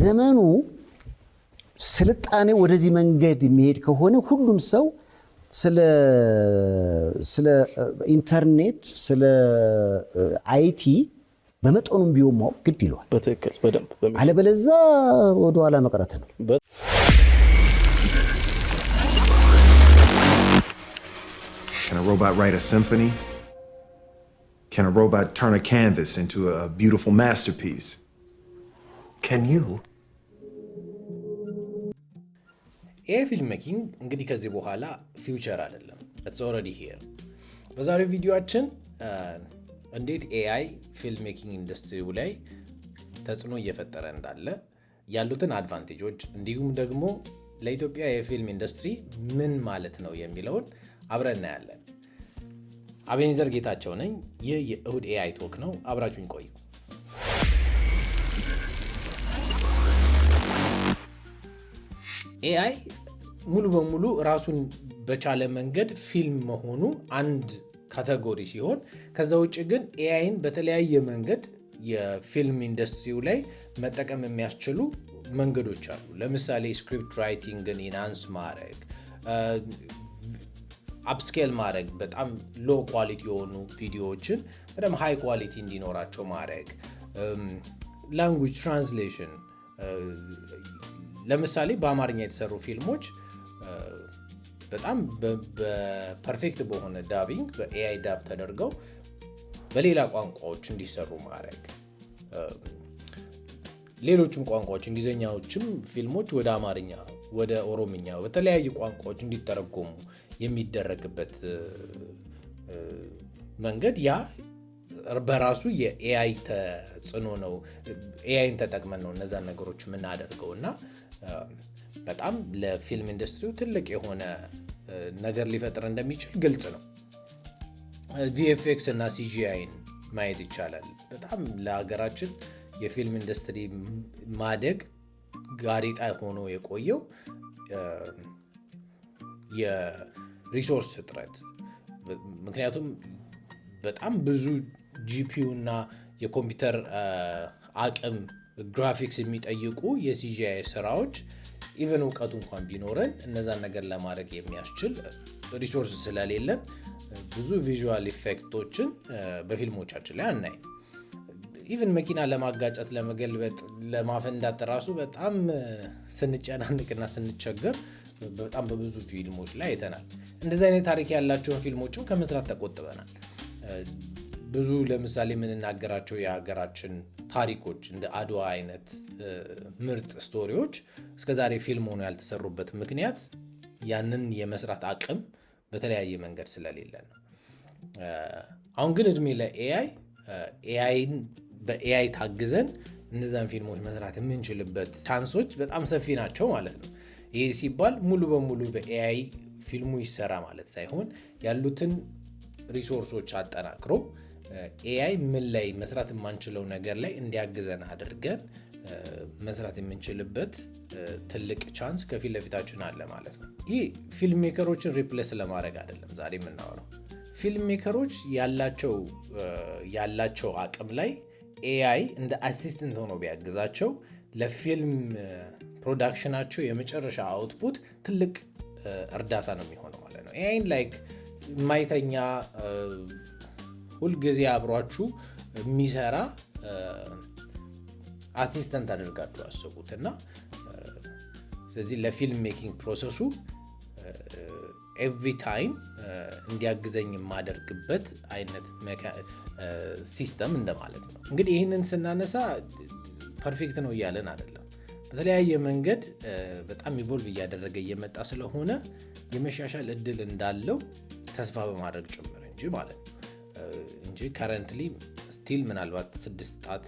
ዘመኑ ስልጣኔ ወደዚህ መንገድ የሚሄድ ከሆነ ሁሉም ሰው ስለ ኢንተርኔት ስለ አይቲ በመጠኑም ቢሆን ማወቅ ግድ ይለዋል። በትክክል በደንብ አለበለዛ ወደኋላ መቅረት ነው። Can a robot write a symphony? Can a robot turn a canvas into a beautiful masterpiece? can you? ይህ ፊልም ሜኪንግ እንግዲህ ከዚህ በኋላ ፊውቸር አይደለም፣ ኢትስ ኦልሬዲ በዛሬው ቪዲዮአችን እንዴት ኤአይ ፊልም ሜኪንግ ኢንዱስትሪው ላይ ተጽዕኖ እየፈጠረ እንዳለ ያሉትን አድቫንቴጆች እንዲሁም ደግሞ ለኢትዮጵያ የፊልም ኢንዱስትሪ ምን ማለት ነው የሚለውን አብረን እናያለን። አቤኒዘር ጌታቸው ነኝ። ይህ የእሁድ ኤአይ ቶክ ነው። አብራችሁኝ ቆዩ። ኤአይ ሙሉ በሙሉ ራሱን በቻለ መንገድ ፊልም መሆኑ አንድ ካተጎሪ ሲሆን ከዛ ውጭ ግን ኤአይን በተለያየ መንገድ የፊልም ኢንዱስትሪው ላይ መጠቀም የሚያስችሉ መንገዶች አሉ። ለምሳሌ ስክሪፕት ራይቲንግን ኢናንስ ማድረግ፣ አፕስኬል ማድረግ፣ በጣም ሎ ኳሊቲ የሆኑ ቪዲዮዎችን በደም ሃይ ኳሊቲ እንዲኖራቸው ማድረግ፣ ላንጉጅ ትራንስሌሽን ለምሳሌ በአማርኛ የተሰሩ ፊልሞች በጣም በፐርፌክት በሆነ ዳቢንግ በኤአይ ዳብ ተደርገው በሌላ ቋንቋዎች እንዲሰሩ ማድረግ ሌሎችም ቋንቋዎች እንግሊዝኛዎችም ፊልሞች ወደ አማርኛ፣ ወደ ኦሮምኛ በተለያዩ ቋንቋዎች እንዲተረጎሙ የሚደረግበት መንገድ ያ በራሱ የኤአይ ተጽዕኖ ነው። ኤአይን ተጠቅመን ነው እነዛን ነገሮች የምናደርገው እና በጣም ለፊልም ኢንዱስትሪው ትልቅ የሆነ ነገር ሊፈጥር እንደሚችል ግልጽ ነው። ቪኤፍኤክስ እና ሲጂአይን ማየት ይቻላል። በጣም ለሀገራችን የፊልም ኢንዱስትሪ ማደግ ጋሪጣ ሆኖ የቆየው የሪሶርስ እጥረት ምክንያቱም በጣም ብዙ ጂፒዩ እና የኮምፒውተር አቅም ግራፊክስ የሚጠይቁ የሲጂአይ ስራዎች ኢቨን እውቀቱ እንኳን ቢኖረን እነዛን ነገር ለማድረግ የሚያስችል ሪሶርስ ስለሌለን ብዙ ቪዥዋል ኢፌክቶችን በፊልሞቻችን ላይ አናይም። ኢቨን መኪና ለማጋጨት፣ ለመገልበጥ፣ ለማፈንዳት ራሱ በጣም ስንጨናንቅና ስንቸገር በጣም በብዙ ፊልሞች ላይ አይተናል። እንደዚህ አይነት ታሪክ ያላቸውን ፊልሞችም ከመስራት ተቆጥበናል። ብዙ ለምሳሌ የምንናገራቸው የሀገራችን ታሪኮች እንደ አድዋ አይነት ምርጥ ስቶሪዎች እስከዛሬ ፊልም ሆኖ ያልተሰሩበት ምክንያት ያንን የመስራት አቅም በተለያየ መንገድ ስለሌለ ነው። አሁን ግን እድሜ ለኤአይ ኤአይን በኤአይ ታግዘን እነዚያን ፊልሞች መስራት የምንችልበት ቻንሶች በጣም ሰፊ ናቸው ማለት ነው። ይህ ሲባል ሙሉ በሙሉ በኤአይ ፊልሙ ይሰራ ማለት ሳይሆን ያሉትን ሪሶርሶች አጠናክሮ ኤአይ ምን ላይ መስራት የማንችለው ነገር ላይ እንዲያግዘን አድርገን መስራት የምንችልበት ትልቅ ቻንስ ከፊት ለፊታችን አለ ማለት ነው። ይህ ፊልም ሜከሮችን ሪፕሌስ ለማድረግ አይደለም ዛሬ የምናወራው። ፊልም ሜከሮች ያላቸው አቅም ላይ ኤአይ እንደ አሲስትንት ሆኖ ቢያግዛቸው ለፊልም ፕሮዳክሽናቸው የመጨረሻ አውትፑት ትልቅ እርዳታ ነው የሚሆነው ማለት ነው። ኤአይን ላይክ ማይተኛ ሁልጊዜ አብሯችሁ የሚሰራ አሲስተንት አድርጋችሁ አስቡት እና ስለዚህ ለፊልም ሜኪንግ ፕሮሰሱ ኤቭሪ ታይም እንዲያግዘኝ የማደርግበት አይነት ሲስተም እንደማለት ነው። እንግዲህ ይህንን ስናነሳ ፐርፌክት ነው እያለን አይደለም። በተለያየ መንገድ በጣም ኢቮልቭ እያደረገ እየመጣ ስለሆነ የመሻሻል እድል እንዳለው ተስፋ በማድረግ ጭምር እንጂ ማለት ነው። እንጂ ከረንትሊ ስቲል ምናልባት ስድስት ጣት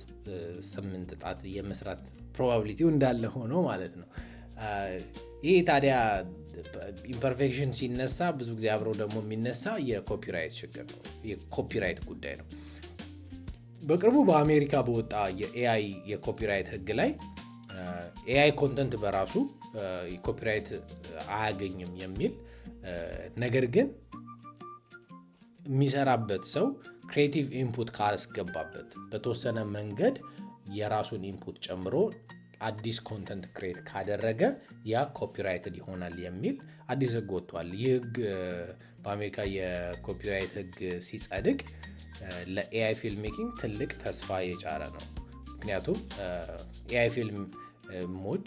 ስምንት ጣት የመስራት ፕሮባብሊቲው እንዳለ ሆኖ ማለት ነው። ይህ ታዲያ ኢምፐርፌክሽን ሲነሳ ብዙ ጊዜ አብሮ ደግሞ የሚነሳ የኮፒራይት ችግር ነው፣ የኮፒራይት ጉዳይ ነው። በቅርቡ በአሜሪካ በወጣ የኤአይ የኮፒራይት ህግ ላይ ኤአይ ኮንተንት በራሱ ኮፒራይት አያገኝም የሚል ነገር ግን የሚሰራበት ሰው ክሬቲቭ ኢንፑት ካላስገባበት በተወሰነ መንገድ የራሱን ኢንፑት ጨምሮ አዲስ ኮንተንት ክሬት ካደረገ ያ ኮፒራይትድ ይሆናል የሚል አዲስ ህግ ወጥቷል። ይህ ህግ በአሜሪካ የኮፒራይት ህግ ሲጸድቅ ለኤአይ ፊልም ሜኪንግ ትልቅ ተስፋ የጫረ ነው። ምክንያቱም ኤአይ ፊልሞች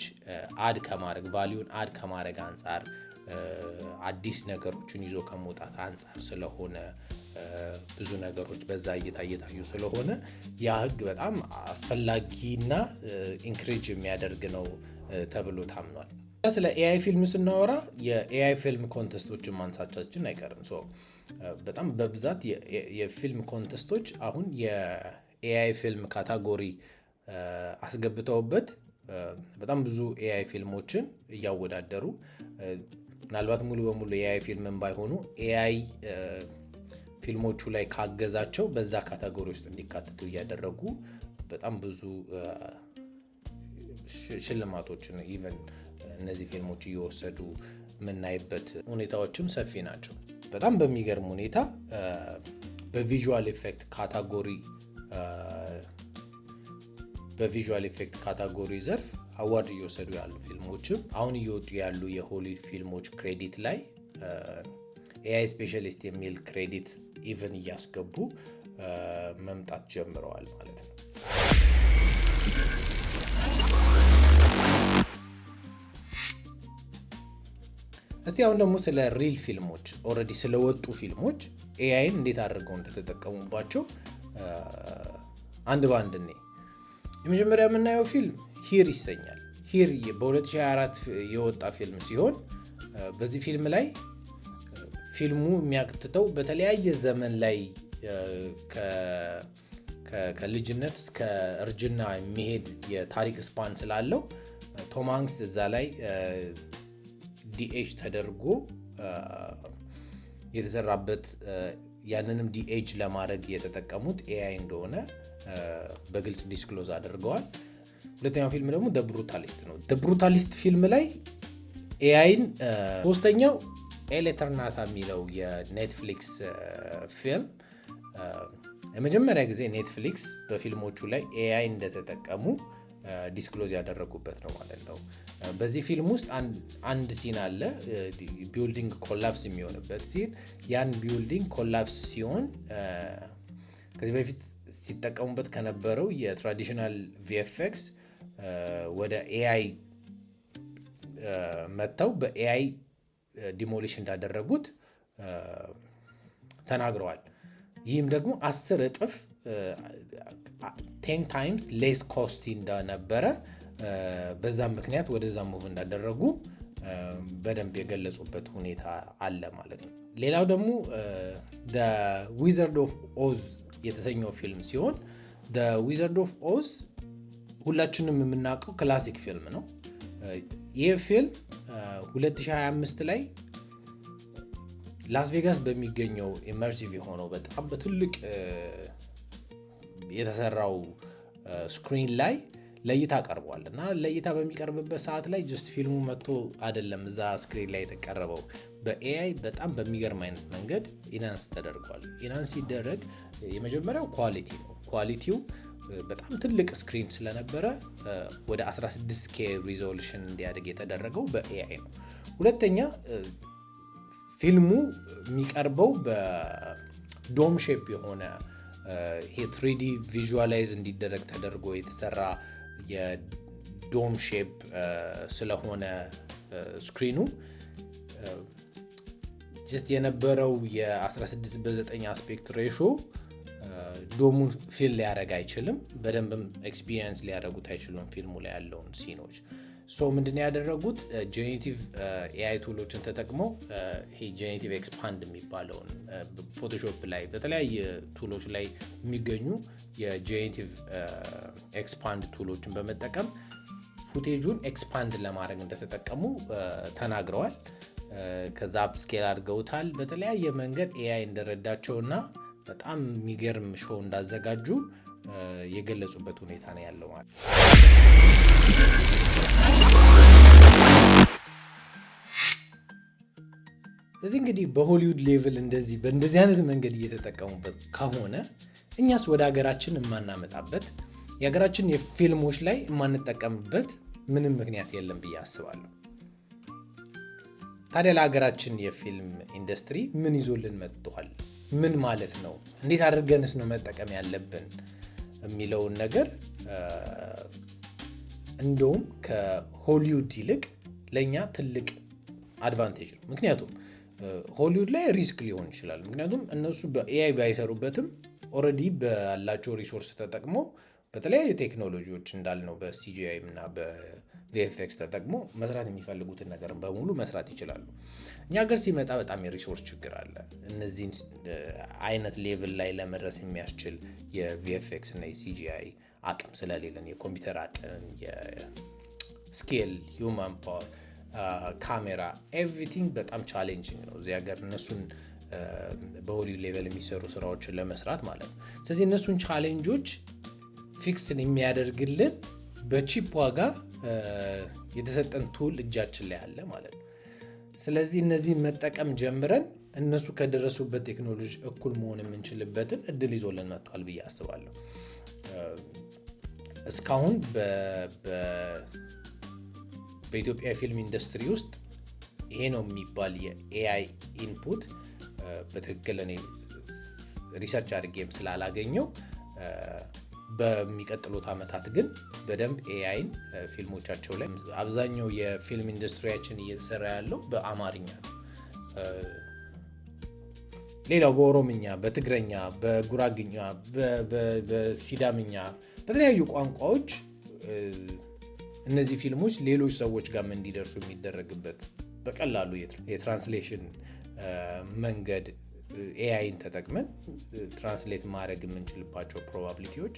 አድ ከማድረግ ቫሊዩን አድ ከማድረግ አንጻር አዲስ ነገሮችን ይዞ ከመውጣት አንጻር ስለሆነ ብዙ ነገሮች በዛ እይታ እየታዩ ስለሆነ ያ ህግ በጣም አስፈላጊና ኢንክሬጅ የሚያደርግ ነው ተብሎ ታምኗል። ስለ ኤአይ ፊልም ስናወራ የኤአይ ፊልም ኮንቴስቶችን ማንሳቻችን አይቀርም። በጣም በብዛት የፊልም ኮንቴስቶች አሁን የኤአይ ፊልም ካታጎሪ አስገብተውበት በጣም ብዙ ኤአይ ፊልሞችን እያወዳደሩ ምናልባት ሙሉ በሙሉ ኤአይ ፊልምን ባይሆኑ ኤአይ ፊልሞቹ ላይ ካገዛቸው በዛ ካተጎሪ ውስጥ እንዲካተቱ እያደረጉ በጣም ብዙ ሽልማቶችን ኢቨን እነዚህ ፊልሞች እየወሰዱ የምናይበት ሁኔታዎችም ሰፊ ናቸው። በጣም በሚገርም ሁኔታ በቪዥዋል ኢፌክት ካታጎሪ በቪል ኤፌክት ካታጎሪ ዘርፍ አዋርድ እየወሰዱ ያሉ ፊልሞችም አሁን እየወጡ ያሉ የሆሊድ ፊልሞች ክሬዲት ላይ ኤአይ ስፔሻሊስት የሚል ክሬዲት ኢቨን እያስገቡ መምጣት ጀምረዋል ማለት ነው። እስቲ አሁን ደግሞ ስለ ሪል ፊልሞች ኦልሬዲ ስለወጡ ፊልሞች ኤአይን እንዴት አድርገው እንደተጠቀሙባቸው አንድ በአንድ እኔ የመጀመሪያ የምናየው ፊልም ሂር ይሰኛል። ሂር በ2024 የወጣ ፊልም ሲሆን በዚህ ፊልም ላይ ፊልሙ የሚያክትተው በተለያየ ዘመን ላይ ከልጅነት እስከ እርጅና የሚሄድ የታሪክ ስፓን ስላለው ቶም ሃንክስ እዛ ላይ ዲኤጅ ተደርጎ የተሰራበት ያንንም ዲኤጅ ለማድረግ የተጠቀሙት ኤአይ እንደሆነ በግልጽ ዲስክሎዝ አድርገዋል። ሁለተኛው ፊልም ደግሞ ደብሩታሊስት ብሩታሊስት ነው። ደብሩታሊስት ፊልም ላይ ኤአይን ሶስተኛው ኤሌትርናታ የሚለው የኔትፍሊክስ ፊልም የመጀመሪያ ጊዜ ኔትፍሊክስ በፊልሞቹ ላይ ኤአይ እንደተጠቀሙ ዲስክሎዝ ያደረጉበት ነው ማለት ነው። በዚህ ፊልም ውስጥ አንድ ሲን አለ። ቢውልዲንግ ኮላፕስ የሚሆንበት ሲን፣ ያን ቢውልዲንግ ኮላፕስ ሲሆን ከዚህ በፊት ሲጠቀሙበት ከነበረው የትራዲሽናል ቪኤፍኤክስ ወደ ኤአይ መጥተው በኤአይ ዲሞሊሽ እንዳደረጉት ተናግረዋል። ይህም ደግሞ አስር እጥፍ ቴን ታይምስ ሌስ ኮስቲ እንደነበረ በዛም ምክንያት ወደዛ ሙቭ እንዳደረጉ በደንብ የገለጹበት ሁኔታ አለ ማለት ነው። ሌላው ደግሞ ዊዘርድ ኦፍ ኦዝ የተሰኘው ፊልም ሲሆን ዊዘርድ ኦፍ ኦዝ ሁላችንም የምናውቀው ክላሲክ ፊልም ነው። ይህ ፊልም 2025 ላይ ላስ ቬጋስ በሚገኘው ኢመርሲቭ የሆነው በጣም በትልቅ የተሰራው ስክሪን ላይ ለእይታ ቀርቧል እና ለእይታ በሚቀርብበት ሰዓት ላይ ጀስት ፊልሙ መጥቶ አይደለም እዛ ስክሪን ላይ የተቀረበው በኤአይ በጣም በሚገርም አይነት መንገድ ኢናንስ ተደርጓል። ኢናንስ ሲደረግ የመጀመሪያው ኳሊቲ ነው። ኳሊቲው በጣም ትልቅ ስክሪን ስለነበረ ወደ 16 ኬ ሪዞሉሽን እንዲያደግ የተደረገው በኤአይ ነው። ሁለተኛ ፊልሙ የሚቀርበው በዶም ሼፕ የሆነ ትሪዲ ቪዥዋላይዝ እንዲደረግ ተደርጎ የተሰራ የዶም ሼፕ ስለሆነ ስክሪኑ ስ የነበረው የ16 በ9 አስፔክት ሬሾ ዶሙን ፊል ሊያደረግ አይችልም። በደንብም ኤክስፒሪየንስ ሊያደረጉት አይችሉም ፊልሙ ላይ ያለውን ሲኖች። ሶ ምንድን ያደረጉት ጄኔቲቭ ኤአይ ቱሎችን ተጠቅመው ይሄ ጄኔቲቭ ኤክስፓንድ የሚባለውን ፎቶሾፕ ላይ በተለያየ ቱሎች ላይ የሚገኙ የጄኔቲቭ ኤክስፓንድ ቱሎችን በመጠቀም ፉቴጁን ኤክስፓንድ ለማድረግ እንደተጠቀሙ ተናግረዋል። ከዛ ስኬል አድርገውታል። በተለያየ መንገድ ኤአይ እንደረዳቸውና በጣም የሚገርም ሾው እንዳዘጋጁ የገለጹበት ሁኔታ ነው ያለው ማለት እዚህ እንግዲህ በሆሊውድ ሌቭል እንደዚህ በእንደዚህ አይነት መንገድ እየተጠቀሙበት ከሆነ እኛስ ወደ ሀገራችን የማናመጣበት የሀገራችን የፊልሞች ላይ የማንጠቀምበት ምንም ምክንያት የለም ብዬ አስባለሁ። ታዲያ ለሀገራችን የፊልም ኢንዱስትሪ ምን ይዞልን መጥቷል? ምን ማለት ነው፣ እንዴት አድርገንስ ነው መጠቀም ያለብን የሚለውን ነገር እንደውም ከሆሊውድ ይልቅ ለእኛ ትልቅ አድቫንቴጅ ነው። ምክንያቱም ሆሊውድ ላይ ሪስክ ሊሆን ይችላል። ምክንያቱም እነሱ በኤአይ ባይሰሩበትም ኦረዲ በላቸው ሪሶርስ ተጠቅሞ በተለያዩ ቴክኖሎጂዎች እንዳልነው በሲጂአይ እና ቪኤፍኤክስ ተጠቅሞ መስራት የሚፈልጉትን ነገር በሙሉ መስራት ይችላሉ። እኛ ሀገር ሲመጣ በጣም የሪሶርስ ችግር አለ። እነዚህን አይነት ሌቭል ላይ ለመድረስ የሚያስችል የቪኤፍኤክስ እና የሲጂአይ አቅም ስለሌለን የኮምፒውተር አቅም፣ የስኬል ሂውማን ፓወር፣ ካሜራ ኤቭሪቲንግ በጣም ቻሌንጂንግ ነው እዚህ ሀገር እነሱን በሆሊውድ ሌቨል የሚሰሩ ስራዎችን ለመስራት ማለት ነው። ስለዚህ እነሱን ቻሌንጆች ፊክስን የሚያደርግልን በቺፕ ዋጋ የተሰጠን ቱል እጃችን ላይ አለ ማለት ነው። ስለዚህ እነዚህ መጠቀም ጀምረን እነሱ ከደረሱበት ቴክኖሎጂ እኩል መሆን የምንችልበትን እድል ይዞልን መጥቷል ብዬ አስባለሁ። እስካሁን በኢትዮጵያ ፊልም ኢንዱስትሪ ውስጥ ይሄ ነው የሚባል የኤአይ ኢንፑት በትክክል እኔ ሪሰርች አድርጌም ስላላገኘው በሚቀጥሉት ዓመታት ግን በደንብ ኤአይን ፊልሞቻቸው ላይ አብዛኛው የፊልም ኢንዱስትሪያችን እየተሰራ ያለው በአማርኛ ነው። ሌላው በኦሮምኛ፣ በትግረኛ፣ በጉራግኛ፣ በሲዳምኛ በተለያዩ ቋንቋዎች እነዚህ ፊልሞች ሌሎች ሰዎች ጋርም እንዲደርሱ የሚደረግበት በቀላሉ የትራንስሌሽን መንገድ ኤአይን ተጠቅመን ትራንስሌት ማድረግ የምንችልባቸው ፕሮባብሊቲዎች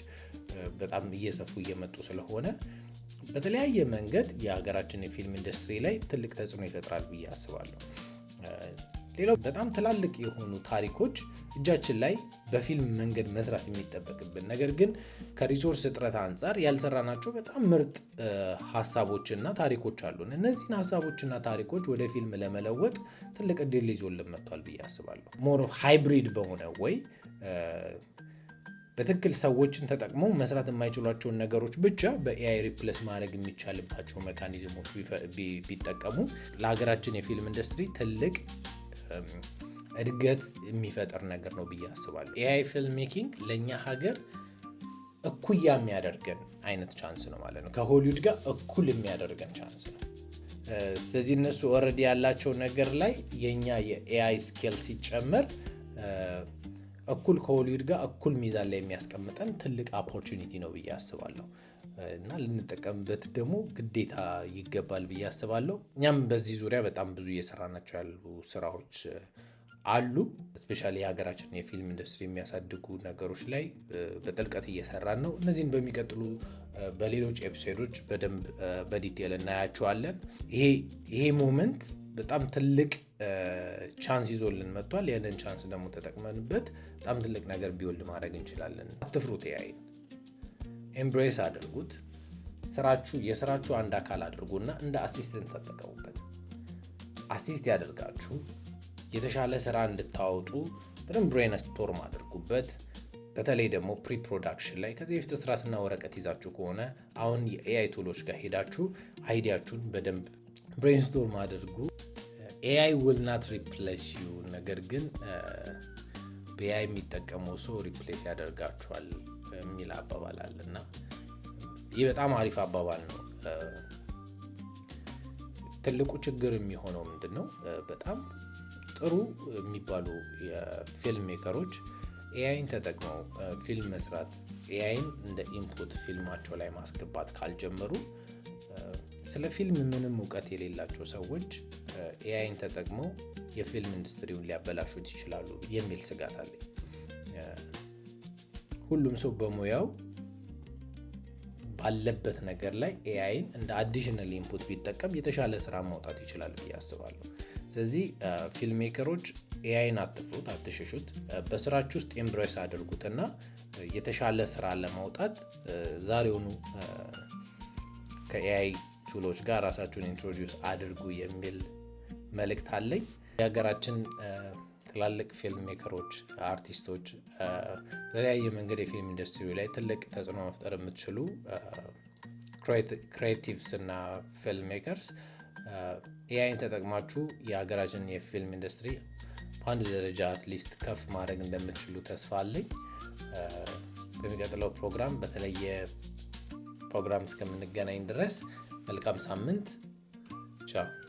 በጣም እየሰፉ እየመጡ ስለሆነ በተለያየ መንገድ የሀገራችን የፊልም ኢንዱስትሪ ላይ ትልቅ ተጽዕኖ ይፈጥራል ብዬ አስባለሁ። ሌላው በጣም ትላልቅ የሆኑ ታሪኮች እጃችን ላይ በፊልም መንገድ መስራት የሚጠበቅብን ነገር ግን ከሪሶርስ እጥረት አንጻር ያልሰራናቸው በጣም ምርጥ ሀሳቦችና ታሪኮች አሉን። እነዚህን ሀሳቦችና ታሪኮች ወደ ፊልም ለመለወጥ ትልቅ እድል ይዞልን መጥቷል ብዬ አስባለሁ። ሞር ኦፍ ሃይብሪድ በሆነ ወይ በትክክል ሰዎችን ተጠቅመው መስራት የማይችሏቸውን ነገሮች ብቻ በኤአይ ሪፕለስ ማድረግ የሚቻልባቸው ሜካኒዝሞች ቢጠቀሙ ለሀገራችን የፊልም ኢንዱስትሪ ትልቅ እድገት የሚፈጥር ነገር ነው ብዬ አስባለሁ። ኤአይ ፊልም ሜኪንግ ለእኛ ሀገር እኩያ የሚያደርገን አይነት ቻንስ ነው ማለት ነው። ከሆሊውድ ጋር እኩል የሚያደርገን ቻንስ ነው። ስለዚህ እነሱ ኦልሬዲ ያላቸው ነገር ላይ የእኛ የኤአይ ስኬል ሲጨመር እኩል ከሆሊውድ ጋር እኩል ሚዛን ላይ የሚያስቀምጠን ትልቅ ኦፖርቹኒቲ ነው ብዬ አስባለሁ። እና ልንጠቀምበት ደግሞ ግዴታ ይገባል ብዬ አስባለሁ። እኛም በዚህ ዙሪያ በጣም ብዙ እየሰራናቸው ያሉ ስራዎች አሉ። እስፔሻሊ የሀገራችን የፊልም ኢንዱስትሪ የሚያሳድጉ ነገሮች ላይ በጥልቀት እየሰራን ነው። እነዚህን በሚቀጥሉ በሌሎች ኤፒሶዶች በደንብ በዲቴል እናያቸዋለን። ይሄ ሞመንት በጣም ትልቅ ቻንስ ይዞልን መጥቷል። ያንን ቻንስ ደግሞ ተጠቅመንበት በጣም ትልቅ ነገር ቢወልድ ማድረግ እንችላለን። አትፍሩ ተያይን ኤምብሬስ አድርጉት። ስራችሁ የስራችሁ አንድ አካል አድርጉና እንደ አሲስትን ተጠቀሙበት። አሲስት ያደርጋችሁ የተሻለ ስራ እንድታወጡ በደም ብሬን አድርጉበት። በተለይ ደግሞ ፕሪ ፕሮዳክሽን ላይ ከዚህ በፊት ስራስና ወረቀት ይዛችሁ ከሆነ አሁን የኤአይ ቱሎች ጋር ሄዳችሁ አይዲያችሁን በደንብ ብሬንስቶርም አድርጉ። ኤአይ ውል ናት ሪፕሌስ ዩ፣ ነገር ግን በኤአይ የሚጠቀመው ሰው ሪፕሌስ ያደርጋችኋል። የሚል አባባል አለ እና ይህ በጣም አሪፍ አባባል ነው። ትልቁ ችግር የሚሆነው ምንድን ነው? በጣም ጥሩ የሚባሉ የፊልም ሜከሮች ኤአይን ተጠቅመው ፊልም መስራት፣ ኤአይን እንደ ኢንፑት ፊልማቸው ላይ ማስገባት ካልጀመሩ ስለ ፊልም ምንም እውቀት የሌላቸው ሰዎች ኤአይን ተጠቅመው የፊልም ኢንዱስትሪውን ሊያበላሹት ይችላሉ የሚል ስጋት አለኝ። ሁሉም ሰው በሙያው ባለበት ነገር ላይ ኤአይን እንደ አዲሽናል ኢንፑት ቢጠቀም የተሻለ ስራ ማውጣት ይችላል ብዬ አስባለሁ። ስለዚህ ፊልም ሜከሮች ኤአይን አትፍሩት፣ አትሸሹት። በስራች ውስጥ ኤምብሬስ አድርጉትና የተሻለ ስራ ለማውጣት ዛሬውኑ ከኤአይ ቱሎች ጋር ራሳችሁን ኢንትሮዲስ አድርጉ የሚል መልእክት አለኝ። የሀገራችን ትላልቅ ፊልም ሜከሮች፣ አርቲስቶች በተለያየ መንገድ የፊልም ኢንዱስትሪ ላይ ትልቅ ተጽዕኖ መፍጠር የምትችሉ ክሬቲቭስ እና ፊልም ሜከርስ ኤአይን ተጠቅማችሁ የሀገራችን የፊልም ኢንዱስትሪ በአንድ ደረጃ አትሊስት ከፍ ማድረግ እንደምትችሉ ተስፋ አለኝ። በሚቀጥለው ፕሮግራም በተለየ ፕሮግራም እስከምንገናኝ ድረስ መልካም ሳምንት። ቻው።